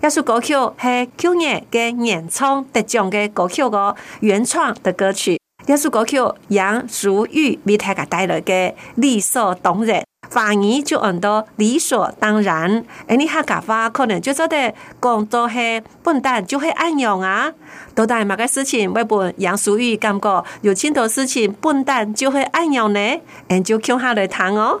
要是歌曲是去年嘅原創、得獎嘅歌曲嘅原創的歌曲，耶穌歌曲楊淑玉為大家帶來嘅理,理所當然，反而就按到理所當然，而你客家話可能就做得講多係笨蛋就會按用啊，多大嘛個事情，為不楊淑玉感覺有幾多事情笨蛋就會按用呢，and 就聽下來聽哦。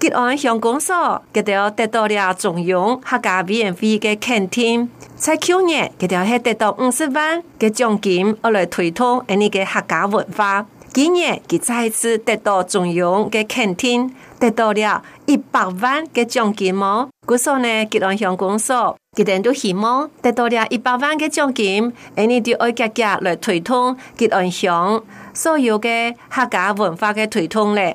吉安鄉公所佢哋得到了中央，客家委員會的肯定。在去年佢哋係得到五十萬的獎金，我嚟推動而家嘅客家文化。今年佢再次得到中央的肯定，得到了一百萬的獎金。咁，故此呢，吉安鄉公所佢哋都希望得到了一百萬的獎金，而你哋一家家嚟推動吉安鄉所有的客家文化的推動。呢？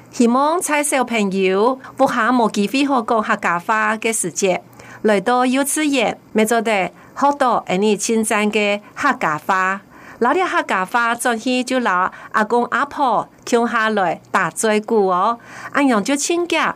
希望小朋友不下無機會學講客家話嘅時節，來到幼稚園，咪做得好多，而你稱讚嘅客家話，哪了客家話，昨天就拿阿公阿婆叫下來打嘴鼓哦，安陽就請假。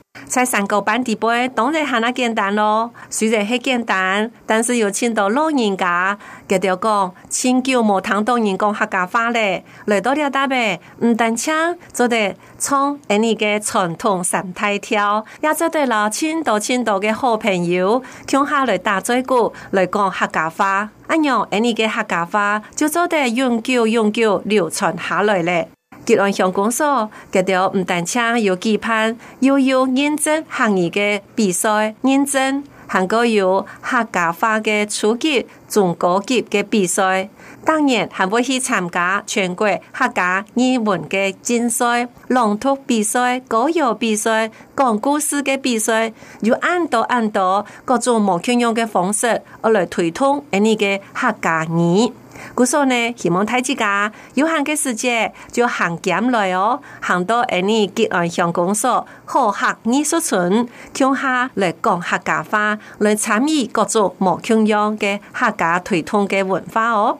在山高板地坡，當然很簡單咯、喔。雖然很簡單，但是有請到老人家，記得講，千久無唐，唐人工客家話咧。來到了大伯，唔但請做得從印尼嘅傳統神態跳，也做得老千多千多的好朋友，衝下來打醉鼓，來講客家話。阿娘，印尼嘅客家話就做得永久永久流傳下來咧。吉安鄉講說，佢哋唔單車、有舉辦又有認真行二的比賽，認真還嗰要客家話的初級中高級的比賽，當然還會去參加全國客家語文的競賽、朗讀比賽、歌謠比賽、講故事的比賽，要按到按到各種冇輕用的方式，我嚟推動呢啲嘅客家語。故說呢，希望大家有限嘅時間就行進來哦，行到而你吉安鄉公所好客藝術村，聽下來講客家話，來參與各種莫同樣嘅客家傳統嘅文化哦。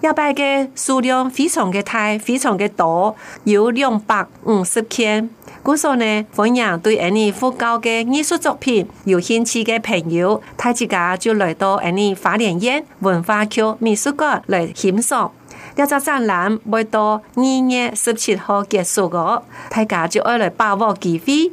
要擺嘅數量非常嘅大，非常嘅多，有兩百五十件。故說呢，歡迎對俺呢佛教嘅藝術作品有興趣嘅朋友，大家就來到俺呢花蓮園文化區美術館來欣賞。要在展覽，每到二月十七號結束嘅，大家就愛來把握機會。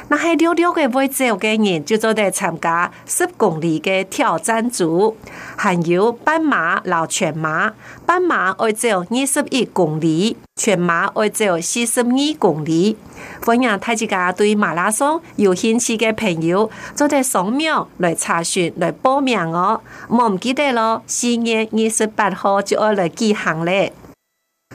那係溜溜個位置嘅人，就做嚟參加十公里的挑戰組，還有半馬、老全馬。半馬會走二十一公里，全馬會走四十二公里。歡迎大家對馬拉松有興趣的朋友，做嚟掃描來查詢來報名哦。我唔記得咯，四月二十八號就要來舉行咧。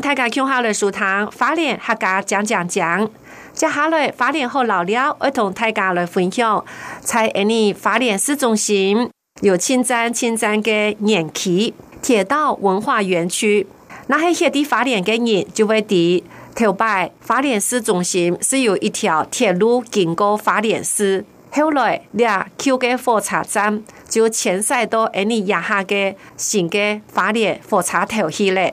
大家看好了，書堂花蓮、客家講講講。接下來花蓮後老了，我同大家來分享，在安尼花蓮市中心有清山清山的園區、鐵道文化園區。那喺黑地花蓮嘅人就會提，頭擺花蓮市中心是有一條鐵路經過花蓮市，後來倆 Q 嘅火車站就遷徙到安尼亞下嘅新的花蓮火車站頭去了。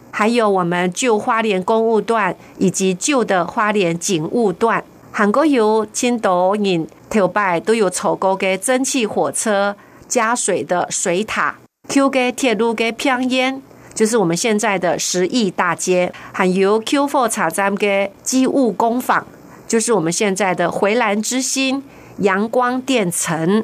還有我們舊花蓮工務段，以及舊的花蓮警務段，還有青金斗嶺頭拜都有走過的蒸汽火車，加水的水塔，Q 嘅鐵路嘅片煙，就是我們現在的十億大街，還有 Q Four 車站嘅機務工坊，就是我們現在的回藍之星陽光電城。